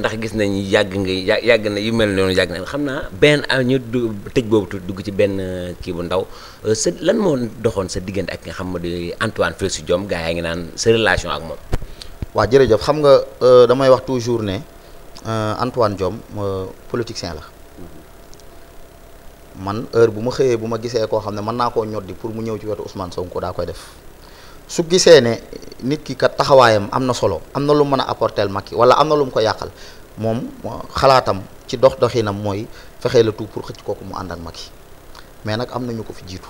ndax gis nañ yàgg nga yàgg na yu mel noonu yàgg na xam naa benn ñu tëj boobu tuuti dugg ci benn euh, kii bu ndaw euh, sa lan moo doxoon sa diggante ak nga xam ma di Antoine Félix Diome gaa yaa ngi naan sa relation ak moom. waaw jërëjëf xam nga euh, damay wax toujours ne Antoine Diome politicien la man heure bu ma xëyee bu ma gisee koo xam ne mën naa koo ñoddi pour mu ñëw ci wetu Ousmane Sonko daa koy def. su gisee ne nit ki kat taxawaayam am na solo am na lu mën a apporter Macky wala am na lu mu ko yàqal moom xalaatam ci dox doxinam mooy fexee la tout pour xëcc kooku mu ànd ak Macky mais nag am na ñu ko fi jiitu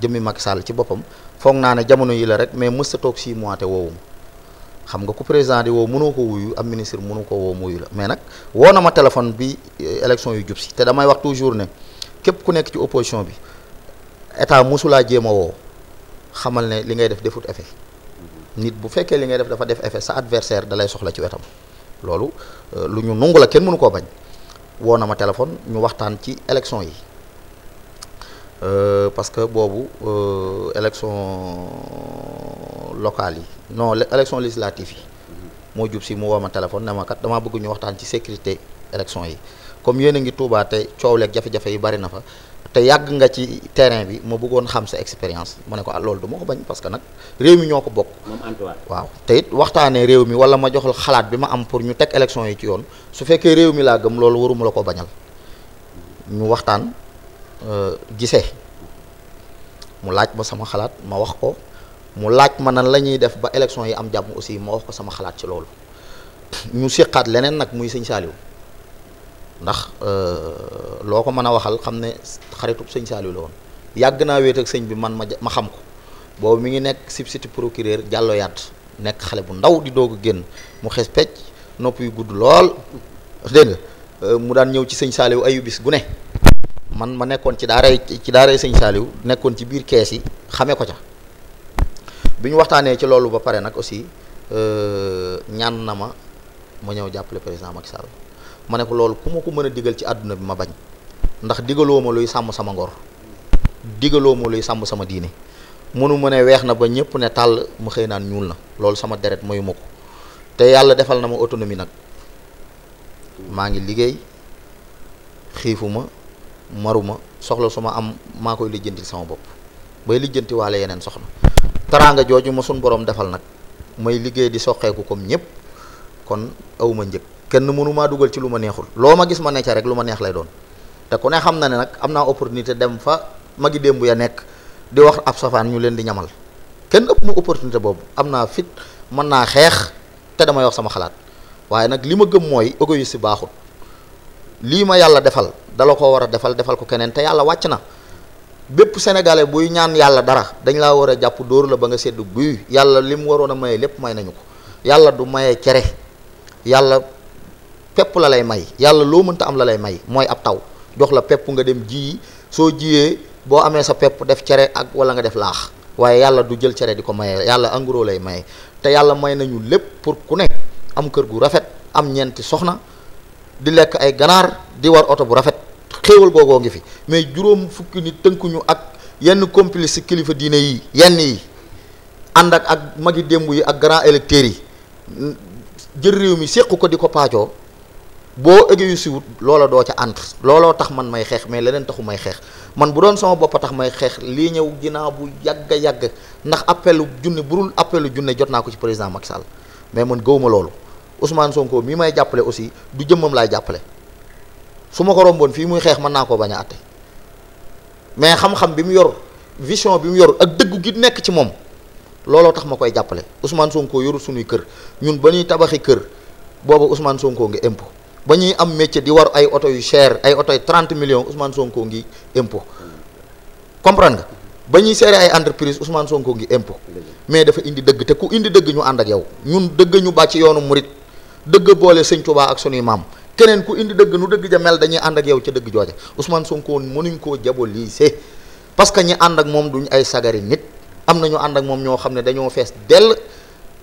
jëmmi mag Sall ci boppam foog naa ne jamono yi la rek mais mësta toog 6 mois te woowum xam nga ku président di woo mënoo ko wuyu am ministre mënu ko woo muyu la mais nag woo na ma téléphone bi eh, élection yu jub si te damay wax toujour ne képp ku nekk ci opposition bi état mosulaa jéem a woo xamal ne li ngay def defut effet nit bu fekkee li ngay def dafa def effet sa adversaire da lay soxla ci wetam loolu euh, lu ñu nungu la kenn mënu koo bañ woo na ma téléphone ñu waxtaan ci élection yi euh, parce que boobu euh, élection locale yi non élection législative yi mm-hmm. moo jub si mu woo ma téléphone ne ma damaa bëgg ñu waxtaan ci sécurité élection yi comme yéen a ngi tuubaa te coow leeg jafe-jafe yu bari na fa te yàgg nga ci terrain bi ma bëggoon xam sa expérience mu ne ko ah loolu du ma ko bañ parce que nag réew mi ñoo ko bokk. moom Antoine waaw te it waxtaanee réew mi wala ma jox la xalaat bi ma am pour ñu teg élection yi ci yoon su fekkee réew mi laa gëm loolu waruma la ko bañal ñu waxtaan euh, gisee mu laaj ma sama xalaat ma wax ko mu laaj ma nan la ñuy def ba élection yi am jàmm aussi ma wax ko sama xalaat ci loolu ñu seqaat leneen nag muy sëñ Saliou. ndax euh, loo ko mën a waxal xam ne xaritu sëñ Saliou la woon yàgg naa wéet ak sëñ bi man ma ma xam ko boobu mi ngi nekk substitut procureur jàllo yaat nekk xale bu ndaw di doog a génn mu xes pecc nopp yu gudd lool dégg nga euh, mu daan ñëw ci sëñ Saliou ayu bis gu ne man ma nekkoon ci daaray ci daaray sëñ saaliw nekkoon ci biir kees yi xamee ko ca bi ñu waxtaanee ci loolu ba pare nag aussi euh, ñaan na ma ma ñëw jàppale président Macky Sall ma ne ko loolu ku ma ko mën a digal ci àdduna bi ma bañ ndax digaloo ma luy sàmm sama ngor digaloo ma luy sàmm sama diine mënu mu ne weex na ba ñëpp ne tàll mu xëy naan ñuul na loolu sama deret mayu ko te yàlla defal na ma autonomie nag maa ngi liggéey xiifuma maruma soxla su ma am maa koy lijjanti sama bopp bay lijjanti waalo yeneen soxla taraanga jooju ma sun borom defal nag may liggéey di soqeeku comme ñëpp kon awma njëg kenn mënu maa dugal ci lu ma neexul loo ma gis ma necca rek lu ma neex lay doon te ku ne xam na ne nag am naa opportunité dem fa magi démb ya nekk di wax ab safaan ñu leen di ñamal kenn ëpp mu opportunité boobu am naa fit mën naa xeex te damay wax sama xalaat waaye nag li ma gëm mooy si baaxul lii ma yàlla defal dala ko war a defal defal ko keneen te yàlla wàcc na bépp sénégalais buy ñaan yàlla dara dañ laa war a jàpp dóor la ba nga sedd guy yàlla li mu waroon a maye lépp may nañu ko yàlla du maye cere pepp la lay may yàlla loo mënta am la lay may mooy ab taw jox la pepp nga dem ji soo jiyee boo amee sa pepp def cere ak wala nga def laax waaye yàlla du jël cere di ko maye yàlla engrais lay maye te yàlla may nañu lépp pour ku nekk am kër gu rafet am ñeenti soxna di lekk ay ganaar di war oto bu rafet xéewal googoo ngi fi mais juróom fukki nit tënkuñu ak yenn complice kilifa diine yi yenn yi ànd ak ak magi démb yi ak grand électeurs yi jël réew mi séqu ko di ko paacoo boo réussiwut loola doo ca ànd looloo tax man may xeex mais leneen taxu may xeex man bu doon sama bopp a tax may xeex lii ñëw ginnaaw bu yàgg a yàgg ndax appelu junne burul appelu junne jot naa ko ci président ak Sall mais man gëwuma loolu Ousmane Sonko mii may jàppale aussi du jëmmam laay jàppale su ma ko romboon fii muy xeex man naa ko bañ a àtte mais xam-xam bi mu yor vision bi mu yor ak dëggu gi nekk ci moom looloo tax ma koy jàppale Ousmane Sonko yorul suñuy kër ñun ba ñuy tabaxi kër booba Ousmane Sonko nga impo ba ñuy am métier di war ay oto yu cher ay oto yu 30 millions Ousmane Sonko ngi impôt comprendre nga ba ñuy seere ay entreprise Ousmane Sonko ngi impôt mais dafa indi dëgg te ku indi dëgg ñu ànd ak yow ñun dëgg ñu bàcc yoonu murit dëgg boole sëñ Tuubaa ak sunuy maam keneen ku indi dëgg nu dëgg ja mel dañuy ànd ak yow ca dëgg jooja Ousmane Sonko mënuñ koo diaboliser parce que ñi ànd ak moom duñ ay sagari nit am na ñu ànd ak moom ñoo xam ne dañoo fees dell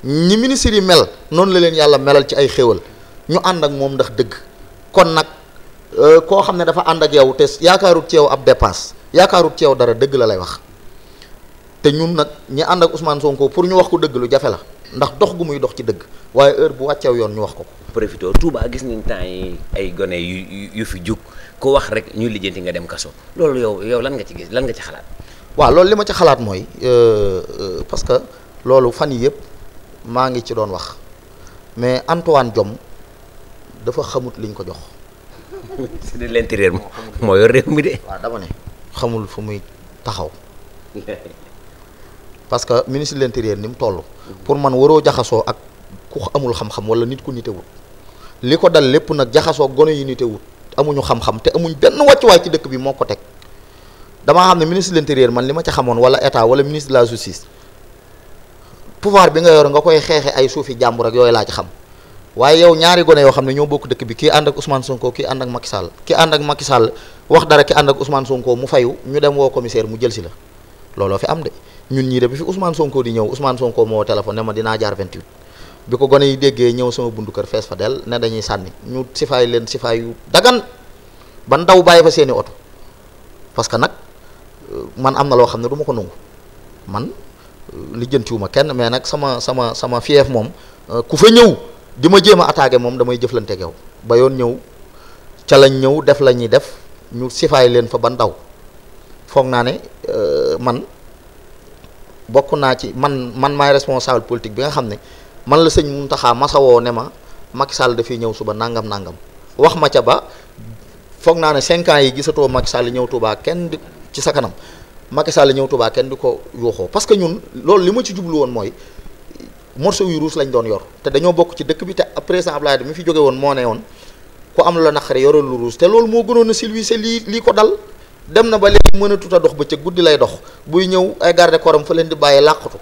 ñi ministre yi mel noonu la leen yàlla melal ci ay xéwal ñu ànd ak moom ndax dëgg kon nag euh, koo xam ne dafa ànd ak yow te yaakaarut ci yow ab dépasse yaakaarut ci yow dara dëgg la lay wax te ñun nag ñi ànd ak Ousmane Sonko pour ñu wax ko dëgg lu jafe la ndax dox gu muy dox ci dëgg waaye heure bu wàcceew yoon ñu wax ko ko. profité Touba gis nañ temps yi ay gone yu yu fi jug ko wax rek ñu lijjanti nga dem kaso loolu yow yow lan nga ci gis lan nga ci xalaat. waaw loolu li ma ci xalaat mooy euh, euh, parce que loolu fan yii yëpp maa ngi ci doon wax mais Antoine Diome dafa xamut liñ ko jox. c'est de l'intérieur moo yor réew mi de. waaw ne xamul fu muy taxaw parce que ministre de l'intérieur ni mu toll. pour man waroo jaxasoo ak ku amul xam-xam wala nit ku nitewut li ko dal lépp nag jaxasoo gone yi yu wut amuñu xam-xam te amuñ benn wàccuwaay ci dëkk bi moo ko teg damaa xam ne ministre de l'intérieur man li ma ca xamoon wala état wala ministre de la justice pouvoir bi nga yor nga koy xeexe ay suufi jàmbur ak yooyu laa ci xam. waaye yow ñaari gone yoo xam ne ñoo bokk dëkk bi kii ànd ak Ousmane Sonko kii ànd ak Macky Sall kii ànd ak Macky Sall wax dara ki ànd ak usmaan Sonko mu fayu ñu dem woo commissaire mu jël si la looloo fi am de ñun ñii de bi fi Ousmane Sonko di ñëw Ousmane Sonko moo téléphone ne ma dinaa jaar 28 bi ko gone yi déggee ñëw sama bundu kër fees fa del ne dañuy sànni ñu sifaay leen sifaay yu dagan ba ndaw bàyyi fa seeni oto parce que nag euh, man am na loo xam ne du ko nangu man euh, lijjantiwuma kenn mais nag sama sama sama fief moom euh, ku fa ñëw. di ma jéem a attaqué moom damay jëflante ak yow ba yoon ñëw ca lañ ñëw def la ñuy def ñu sifaay leen fa ba ndaw foog naa ne euh, man bokk naa ci man man maay responsable politique bi nga xam ne man la sëñ Muntaxa masawoo ne ma Macky Sall dafay ñëw suba nangam nangam wax ma ca ba foog naa ne cinq yi gisatoo Macky Sall ñëw tubaa kenn di ci sa kanam Macky ñëw Touba kenn di ko yuuxoo parce que ñun loolu li ma ci jublu woon mooy morceau yu ruus lañ doon yor te dañoo bokk ci dëkk bi te président Abdoulaye mi fi jóge woon moo ne woon ku am la naqare yoral lu ruus te loolu moo gënoon a silvissé lii lii ko dal dem na ba léegi mënatut a dox bëccëg guddi lay dox buy ñëw ay garde koram fa leen di bàyyi làqatu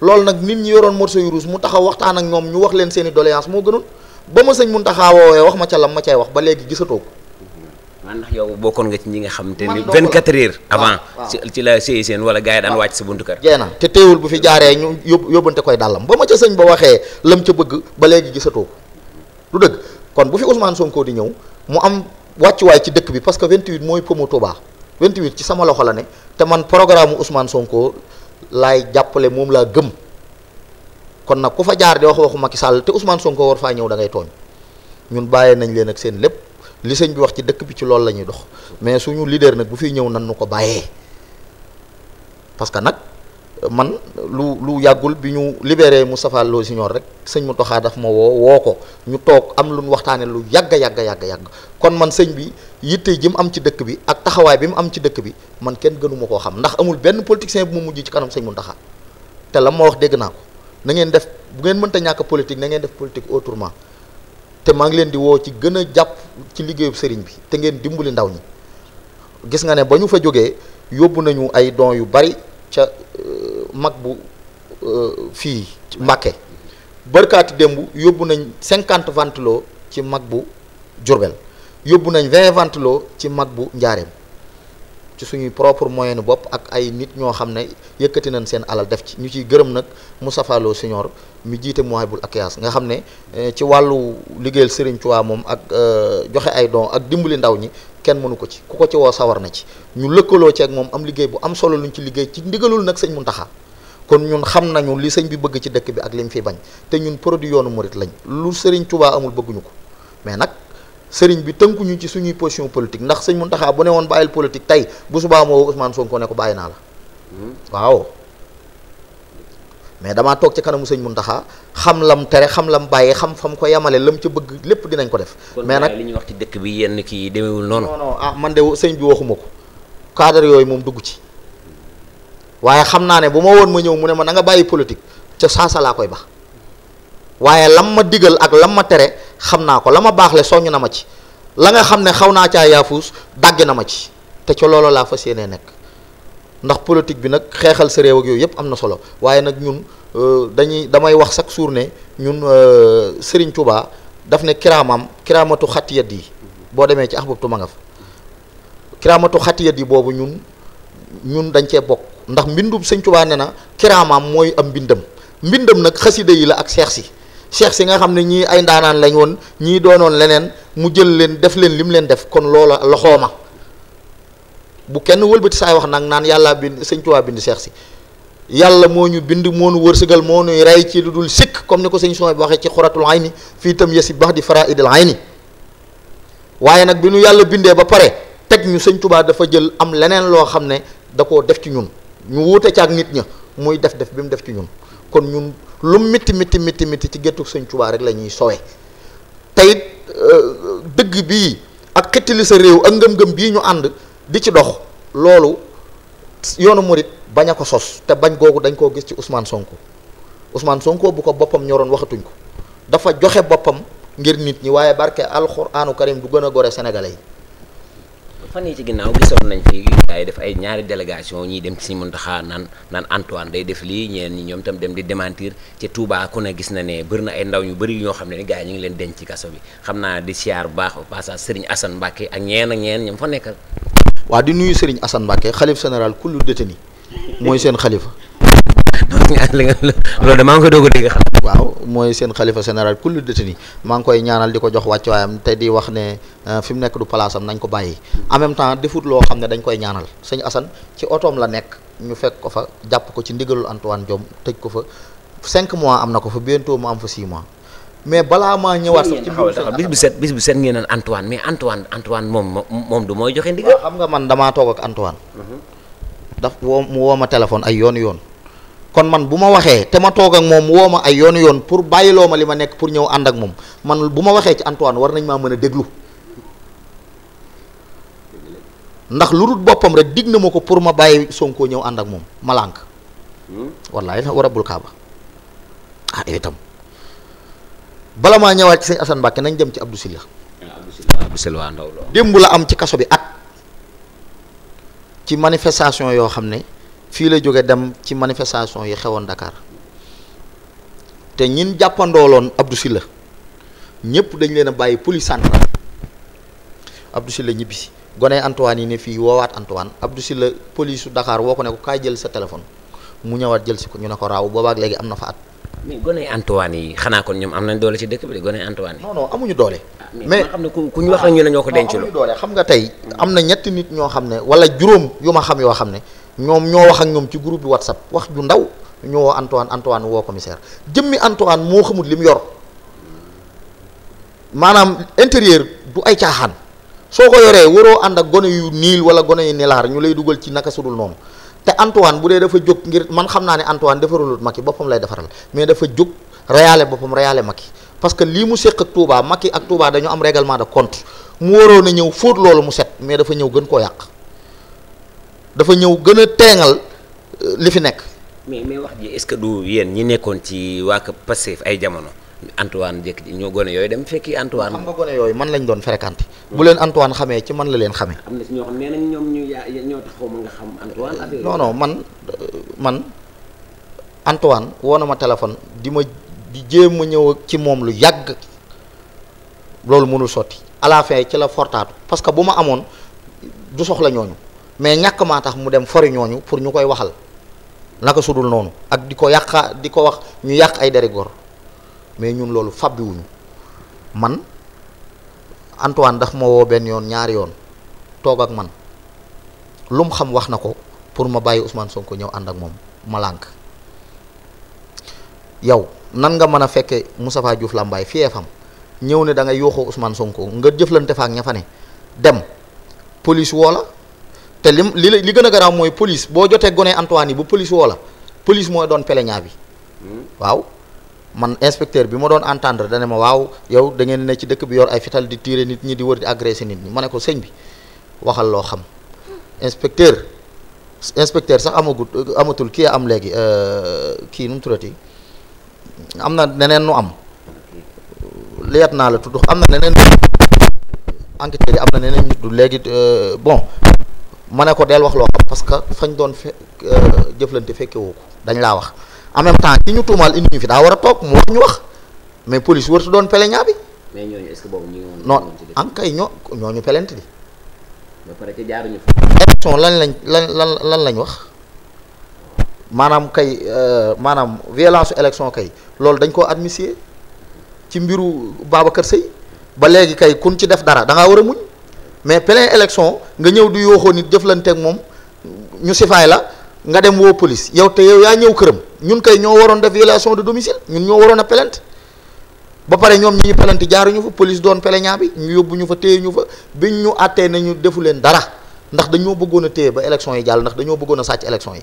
loolu nag nit ñi yoroon morceau yu ruus mu taxaw waxtaan ak ñoom ñu wax leen seen i moo gënoon ba ma sëñ mun taxaa woowee wax ma ca la ma cay wax ba léegi gisatoo ko man ndax yow bokkoon nga ci ñi nga xam te ni 24 heures ah, avant ci la sëy seen wala gars yi daan wàcc sa buntu kër jeena te teewul bu fi jaaree ñu yóbbante koy dàllam ba ma ca sëñ ba waxee lam ca bëgg ba léegi gisatoo lu dëgg kon bu fi Ousmane Sonko di ñëw mu am wàccuwaay ci dëkk bi parce que 28 mooy promo Touba 28 ci sama loxo la ne te man programme Ousmane Sonko laay jàppale moom laa gëm kon nag ku fa jaar di wax waxu Macky Sall te Ousmane Sonko war faa ñëw da ngay tooñ ñun bàyyee nañ leen ak seen lépp li sëñ bi wax ci dëkk bi ci lool lañuy dox mais suñu leader nag bu fiy ñëw nan nu ko bàyyee parce que nag man lu lu yàggul bi ñu liberee libéré Moustapha Lo Junior rek sëñ mu Mountakha daf ma woo woo ko ñu toog am lu ñu waxtaanee lu yàgg yàgg yàgg yàgg kon man sëñ bi yitte ji mu am ci dëkk bi ak taxawaay bi mu am ci dëkk bi man kenn gënuma koo xam ndax amul benn politicien bu mu mujj ci kanam sëñ Mountakha te la ma wax dégg naa ko na ngeen def bu ngeen mënta ñàkk politique na ngeen def politique autrement te maa ngi leen di woo ci gën a jàpp ci liggéeyub sëriñ bi te ngeen dimbali ndaw ñi gis nga ne ba ñu fa jógee yóbbu nañu ay don yu bari ca euh, mag bu euh, fii Mbàkke bërkaati démb yóbbu nañ cinquante ventilo ci mag bu Jurbel yóbbu nañ vingt ventilo ci mag bu Njaareem ci suñuy propre moyen bopp ak ay nit ñoo xam ne yëkkati nañ seen alal def ci ñu ciy gërëm nag mu Lo Senior mi jiite Mouwahiboul Akyas nga xam ne eh, ci wàllu liggéeyal Serigne Touba moom ak eh, joxe ay don ak dimbali ndaw ñi kenn mënu ko ci ku ko ci woo sawar na ci ñu lëkkaloo ceeg moom am liggéey bu am solo luñ ci liggéey ci ndigalul nag sëñ Mountakha kon ñun xam nañu li sëñ bi bëgg ci dëkk bi ak li fi bañ te ñun produit yoonu morit lañ lu Serigne Touba amul bëgguñu ko mais nag sëriñ bi tënkuñu ci suñuy position politique ndax sëñ Mountakha bu ne woon bàyyil politique tey bu subaa moo Ousmane Sonko ne ko bàyyi naa la hmm? waaw mais damaa toog ci kanamu sëñ Mountakha xam lam tere xam la mu bàyyi xam fam ko yemale lam ca bëgg lépp dinañ ko def. mais nag li ñuy wax ci dëkk bi yenn kii demewul noonu. non non ah man de sëñ bi waxuma ko cadre yooyu moom dugg ci waaye xam naa ne bu ma woon ma ñëw mu ne ma na nga bàyyi politique ca saasa laa koy bax waaye lam ma digal ak lam ma tere. xam naa ko la ma baaxle soññ na ma ci la nga xam ne xaw naa caa yaafuus dàgg na ma ci te ca loolu laa fas yéenee nekk ndax politique bi nag xeexal sa réew ak yooyu yëpp am na solo waaye nag ñun euh, dañuy damay wax chaque jour ne ñun euh, Serigne Touba daf ne kiraamam kiraamatu xatiyat yi boo demee ci ax boobu ma nga fa kiraamatu xatiyat yi boobu ñun ñun dañ cee bokk ndax mbindum Sëñ Touba ne na kiraamam mooy am mbindam mbindam nag xasida yi la ak seex si cheikh si nga xam ne ñii ay ndaanaan lañ woon ñii doonoon leneen mu jël leen def leen mu leen def kon loola loxooma bu kenn wëlbati saay wax nag naan yàllaa bind sëñ Tuubaa bind cheikh si yàlla moo ñu bind moo nu wërsëgal moo nuy rey ci lu dul sikk comme ni ko sëñ son bi waxee ci xuratul ayni fii tam yesi bax di faraidil ni waaye nag bi nu yàlla bindee ba pare teg ñu sëñ Tuubaa dafa jël am leneen loo xam ne da koo def ci ñun ñu wuute ca ak nit ña muy def def bi mu def ci ñun kon ñun lu métti métti métti métti ci géttu sëñ Tuubaa rek la ñuy sowe teyit euh, dëgg bii ak xettali sa réew ak ngëm-ngëm bii ñu ànd di ci dox loolu yoonu murit bañ a ko sos te bañ googu dañ koo gis ci Ousmane Sonko Ousmane Sonko bu ko boppam ñoroon waxatuñ ko dafa joxe boppam ngir nit ñi waaye barke alxuraanu karim du gën a gore sénégalais yi fan yi ci ginnaaw gisoon nañ fi gars yi def ay ñaari délégation ñiy dem ci Sëriñ Muntaxa naan naan Antoine day def lii ñeen ñi ñoom itam dem di démentir ci Touba ku ne gis na ne bëri na ay ndaw ñu bëri ñoo xam ne ni gars yi ñu ngi leen denc ci kaso bi xam naa di siyaar bu baax au passage Serigne Assane Mbacke ak ñeen ak ñeen ñoom fa nekkal waaw di nuyu Serigne Assane Mbacke xalif général kullu détenu mooy seen xalifa li nga loolu de maa ngi koy doog a dégg waaw mooy seen xalifa général kullu détenu maa ngi koy ñaanal di ko jox wàcc waayam te di wax ne euh, fi mu nekk du palaasam nañ ko bàyyi en même temps defut loo xam ne dañ koy ñaanal sëñ Assane ci otoom la nekk ñu fekk ko fa jàpp ko ci ndigalul Antoine Diome tëj ko fa cinq mois am na ko fa bientôt mu am mais balaa maa ñëwaat sax set bis bu set ngeen naan Antoine mais Antoine Antoine moom moom du joxe xam nga man damaa toog ak Antoine mhm. daf woo mu woo ma téléphone ay yoon yoon kon man bu ma waxee te ma toog ak moom woo ma ay yoonu yoon pour bàyyiloo ma li ma nekk pour ñëw ànd ak moom man bu ma waxee ci Antoine war nañ maa mën a déglu ndax lu dul boppam rek digg na ma ko pour ma bàyyi sonkoo ñëw ànd ak moom ma lànk hmm? wallaay na warabul kaaba ah eh, itam bala maa ñëwaat ci sëñ Assane nañ dem ci Abdou Sylla ah, Abdou Sylla ah, démb la am ci kaso bi ak ci manifestation yoo xam ne fii la jóge dem ci manifestation yi xewoon dakaar te ñin jàppandooloon Abdou Sylla ñëpp dañ leen a bàyyi police centrale Abdou Sylla ñibbisi gone Antoine yi ne fii woowaat Antoine Abdou Sylla police su Dakar woo ko ne ko kaay jël sa téléphone mu ñëwaat jël si ko ñu ne ko raaw boobaak léegi am na fa at. mais gone Antoine yi xanaa kon ñoom am nañ doole ci dëkk bi de gone Antoine yi. non amuñu doole. Ah, mais xam ne ku ñu wax ñu ne ñoo ko denc. amuñu doole xam nga tey am na ñetti nit ñoo xam ne wala juróom yu ma xam yoo xam ne. ñoom ñoo wax ak ñoom ci groupe bi whatsapp wax ju ndaw ñoo woo Antoine Antoine woo commissaire jëmmi Antoine moo xamul li mu yor maanaam intérieur du ay caaxaan soo ko yoree waroo ànd ak gone yu niil wala gone yu nilaar ñu lay dugal ci naka sudul noonu te Antoine bu dee dafa jóg ngir man xam naa ne Antoine defaralut Macky boppam lay defaral mais dafa jóg reyaale boppam reyaale Macky parce que lii mu séq ak Touba Macky ak Touba dañu am règlement de compte mu waroon a ñëw fóot loolu mu set mais dafa ñëw gën koo yàq dafa ñëw gën a teengal euh, li fi nekk. mais mais wax ji est-ce que du yéen ñi nekkoon ci waa Pastef ay jamono Antoine jëkk ji ñoo gone yooyu dem fekki Antoine. xam nga yooyu man lañ doon fréquenté. bu leen Antoine xamee ci man la leen xamee. am na ñoo xam nee ñoo taxaw ma nga xam Antoine. man euh, man Antoine woo na téléphone di ma di jéem a ñëw ci moom lu yàgg loolu mënul sotti à ci la fortaatu parce que bu ma amoon du soxla ñooñu. mais ñàkk maa tax mu dem fori ñooñu pour ñu koy waxal naka sudul noonu ak di ko yàqa di ko wax ñu yàq ay deri mais ñun loolu fàbbiwuñu man Antoine ndax ma woo benn yoon ñaari yoon toog ak man lu xam wax na ko pour ma bàyyi usmaan Sonko ñëw ànd ak moom ma lànk yow nan nga mën a fekke Moustapha Diouf Lambaye fii fam ñëw ne da nga yooxoo Ousmane Sonko nga jëflante fa ak ña fa ne dem police woo la te li li li gën a garaaw mooy police boo jotee gone Antoine yi bu police woo la police mooy doon plaignant bi hmm. waaw man inspecteur bi ma doon entendre dane ma waaw yow dangeen ne ci dëkk bi yor ay fital di tiire nit ñi di wër di agressé nit ñi ma ne ko sëñ bi waxal loo xam inspecteur inspecteur sax amagut amatul kii am léegi euh, kii nu mu am na neneen nu am liet naa la tudd am na neneen enquêteurs yi am na neneen ñu tudd léegi euh, bon ma ne ko del wax loo xam parce que fañ doon fe euh, jëflante fekke woo ko dañ laa wax en même temps ki ñu tuumaal indi ñu fi daa war a toog mu wax ñu wax mais police wartu doon peleñaa bi. mais ñooñu est-ce que boobu ñu ngi woon. kay ñoo ñooñu pelente di. ba pare te jaaruñu fa. élection lan lañ lan lan lan lañ wax maanaam kay euh, maanaam violence élection kay loolu dañ koo admissier ci mbiru Babacar Seye ba léegi kay kun ci def dara da war a muñ. mais plein élection nga ñëw di yooxoo nit jëflanteeg moom ñu sifaay la nga dem woo police yow te yow yaa ñëw këram ñun kay ñoo waroon def violation de domicile ñun ñoo waroon a plainte ba pare ñoom ñi ñu plainte jaaruñu fa police doon plaignant bi ñu yóbbu ñu fa téye ñu fa biñ ñu àttee nañu defu leen dara ndax dañoo bëggoon a téye ba élection yi jàll ndax dañoo bëggoon sàcc élection yi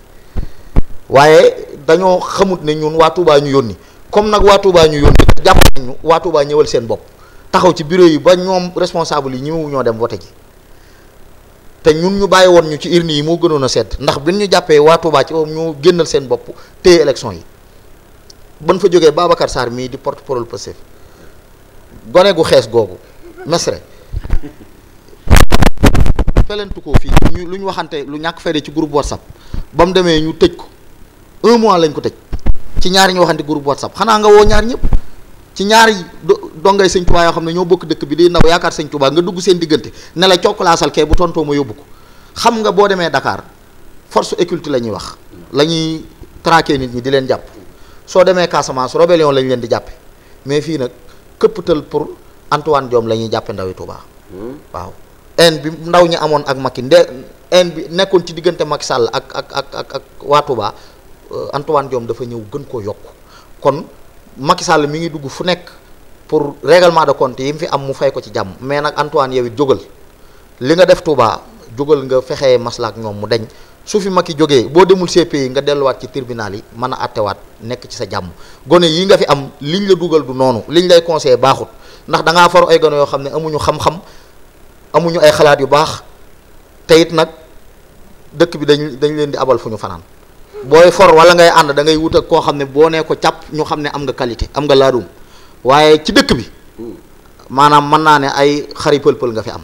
waaye dañoo xamut ne ñun waa Touba ñu yónni comme nag waa Touba ñu yónni jàpp nañu waa ñëwal seen bopp taxaw ci bureau yi ba ñoom responsable yi ñëw ñoo dem vote ji te ñun ñu bàyyi woon ñu ci urne yi moo gënoon a sedd ndax bi ñu jàppee waa Touba ci ñoo génnal seen bopp téye élection yi ban fa jógee Babacar Sarr mii di porte parole Pastef gone gu xees googu mesre felentu ko fii lu ñu waxante lu ñàkk fayda ci groupe whatsapp ba mu demee ñu tëj ko un mois lañ ko tëj ci ñaari ñu waxante groupe whatsapp xanaa nga woo ñaar ñëpp ci ñaari do dongay sëñ Tuubaa yoo xam ne ñoo bokk dëkk bi di ndaw yaakaar sëñ Tuubaa nga dugg seen diggante ne la cokkalaasal kee bu tontoo ma yóbbu ko xam nga boo demee Dakar force occulte la ñuy wax la ñuy traquer nit ñi di leen jàpp soo demee Casamance rébellion lañ leen di jàppe mais fii nag këpptal pour Antoine Diome la ñuy jàppe ndawi Touba waaw haine bi ndaw ñi amoon ak Macky nde haine bi nekkoon ci diggante Macky sàll ak ak ak ak ak waa Touba euh, Antoine Diome dafa ñëw gën koo yokk kon Macky Sall mi ngi dugg fu nekk pour règlement de compte yi mu fi am mu fay ko ci jàmm mais nag Antoine yow it jógal li nga def Touba jógal nga fexe maslaak ñoom mu deñ su fi mag Macky jógee boo demul CPI nga delluwaat ci tribunal yi man a attewaat nekk ci sa jàmm gone yi nga fi am liñ la dugal du noonu liñ lay conseillé baaxut ndax da ngaa faru ay gone yoo xam ne amuñu xam-xam amuñu ay xalaat yu baax te nag dëkk bi dañ dañu leen di abal fu ñu fanaan booy for wala ngay ànd da ngay wut koo xam ne boo nee ko càpp ñu xam ne am nga am nga laadum waaye ci dëkk bi maanaam mën naa ne ay xari pël-pël nga fi am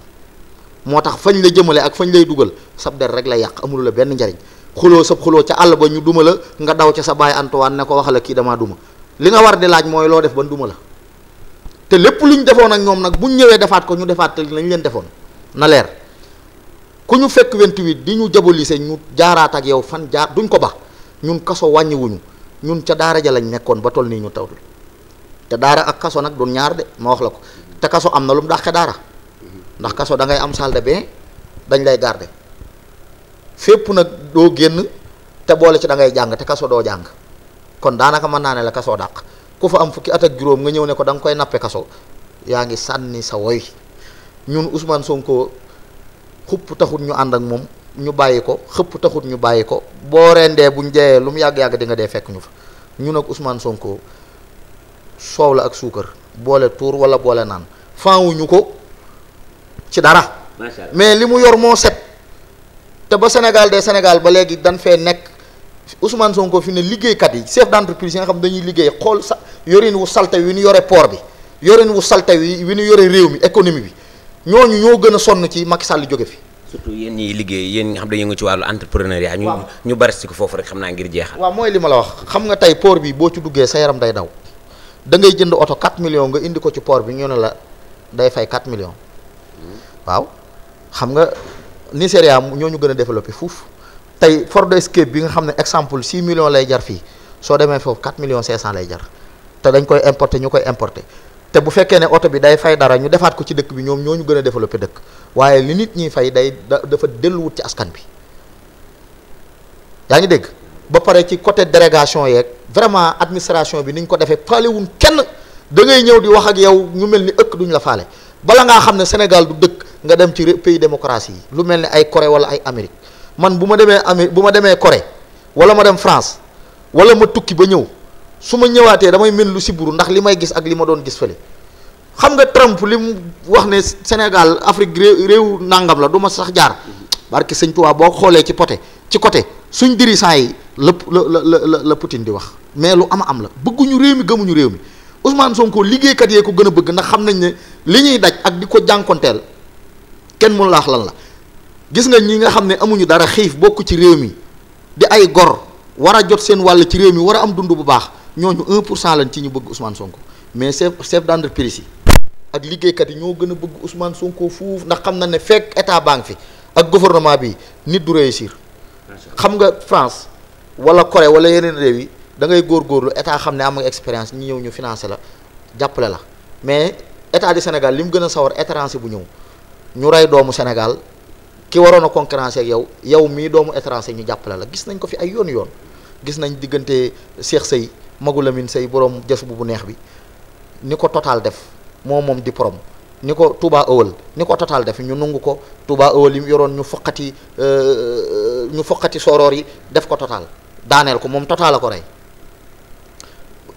moo tax fañ la jëmale ak fañ lay dugal sab der rek lay yàq amul la benn njariñ xuloo sab xuloo ca àll ba ñu duma la nga daw ca sa baay Antoine ne ko wax la kii damaa duma li nga war di laaj mooy loo def ban duma la te lépp lu ñu defoon ak ñoom nag bu ñu ñëwee defaat ko ñu defaat te lañ leen defoon na leer ku ñu fekk 28 di ñu jabolise ñu jaaraat ak yow fan jaar duñ ko ba ñun kaso wàññiwuñu ñun ca daara ja lañ nekkoon ba toll nii ñu tawtul te daara ak kaso nag doon ñaar de ma wax la ko te kaso am na lu mu dàqe daara ndax kaso dangay am salle de bain dañ lay garder fépp nag doo génn te boole ci da ngay jàng te kaso doo jàng kon daanaka mën naa ne la kaso dàq ku fa am fukki at ak juróom nga ñëw ne ko danga koy nappe kaso yaa ngi sànni sa woy ñun Ousmane Sonko xupp taxut ñu ànd ak moom ñu bàyyi ko xëpp taxut ñu bàyyi ko boo rendee buñ jeyee lu mu yàgg-yàgg di nga dee fekk ñu fa ñun ak Ousmane Sonko. soow la ak suukar boole tuur wala boole naan fanwuñu ko ci dara mais li mu yor moo set te ba Sénégal de Sénégal ba léegi dan fee nekk Ousmane Sonko fi ne liggéeykat yi chef d'entreprise yi nga xam dañuy liggéey xool sa yorin wu salte wi ñu yore port bi yorin wu salte wi wi ñu yore réew mi économie bi ñooñu ñoo gën a sonn ci Macky Sall jóge fi yéen ñiy liggéey yéen nga xam dañu ngi ci wàllu entrepreneuriat ñu ñu bari si ko foofu rek xam naa ngir jeexal waa mooy li ma la wax xam nga tey port bi boo ci duggee sa yaram day daw da ngay jënd oto 4 million nga indi ko ci port bi ñu ne la day fay 4 million waaw xam nga Nigéria ñoo ñu gën a développé fuuf tey for de Escape bi nga xam ne exemple 6 million lay jar fii soo demee foofu 4 millions 500 lay jar te dañ koy importer ñu koy importer te bu fekkee ne oto bi day fay dara ñu defaat ko ci dëkk bi ñoom ñoo ñu gën a développé dëkk waaye li nit ñi fay day dafa delluwut ci askan bi yaa ngi dégg. ba pare ci côté délégation yeeg vraiment administration bi ni ko defee faalewuñ kenn da ngay ñëw di wax ak yow ñu mel ni ëkk duñu la faale bala ngaa xam ne Sénégal du dëkk nga dem ci pays démocratie yi lu mel ni ay Corée wala ay Amérique man bu ma demee Amérique bu ma demee Corée wala ma dem France wala ma tukki ba ñëw su ma ñëwaatee damay mel lu siburu ndax li may gis ak li ma doon gis fële xam nga Trump li mu wax ne Sénégal Afrique réew nangam la du ma sax jaar mm-hmm. barki sëñ Tuubaa boo xoolee ci poté ci côté suñ dirigeant yi la la la la Poutine di wax mais lu am am la bëgguñu réew mi gëmuñu réew mi Ousmane Sonko liggéeykat yee ko gën a bëgg ndax xam nañ ne li ñuy daj ak di ko jànkonteel kenn mënu laax lan la gis nga ñi nga xam ne amuñu dara xiif bokk ci réew mi di ay gor war a jot seen wàll ci réew mi war a am dund bu baax ñooñu 1 pour cent lañ ci ñu bëgg Ousmane Sonko mais chef chef d'entreprise yi ak liggéeykat yi ñoo gën a bëgg Ousmane Sonko fuuf ndax xam na ne fekk état banque ak gouvernement bi nit du réussir xam nga France wala Corée wala yeneen réew yi da ngay góorgóorlu état xam ne am nga expérience ñu ñëw ñu financé la jàppale la mais état du Sénégal li mu gën a sawar étranger bu ñëw ñu rey doomu Sénégal ki waroon a concurrencer ak yow yow mii doomu étranger ñu jàppale la gis nañ ko fi ay yoon yoon gis nañ diggante Cheikh Sey Magu Lamine Sey borom jës bu bu neex bi ni ko Total def moo moom di prom ni ko Touba Ewel ni ko Total def ñu nungu ko Touba Ewel yi mu yoroon ñu foqati euh, ñu foqati soroor yi def ko Total daaneel ko moom total a ko rey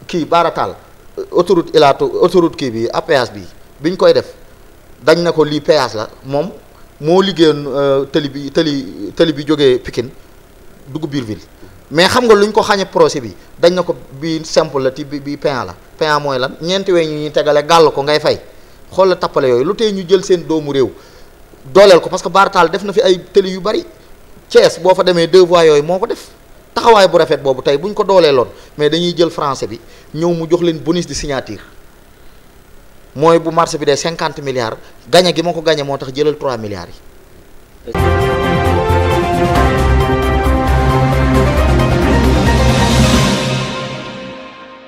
kii baarataal autoroute ilaatu autoroute kii bii APS bi biñ koy def dañ na ko lii péage la moom moo liggéeyoon euh, tëli bi tëli tëli bi jógee Pikine dugg biir ville mais xam nga luñ ko xañe procès bi dañ na ko bii simple la ti bi bii pain la pain mooy lan ñeenti weñ ñu ñuy tegale gàll ko ngay fay xool la tappale yooyu lu tee ñu jël seen doomu réew dooleel ko parce que baarataal def na fi ay tëli yu bari Thiès boo fa demee deux voies yooyu moo ko def taxawaay bu rafet boobu tey bu ñu ko dooleeloon mais dañuy jël français bi ñëw mu jox leen bonus de signature mooy bu marché bi dee cinquante milliards gañe gi ma ko gañe moo tax jëlal trois milliards yi.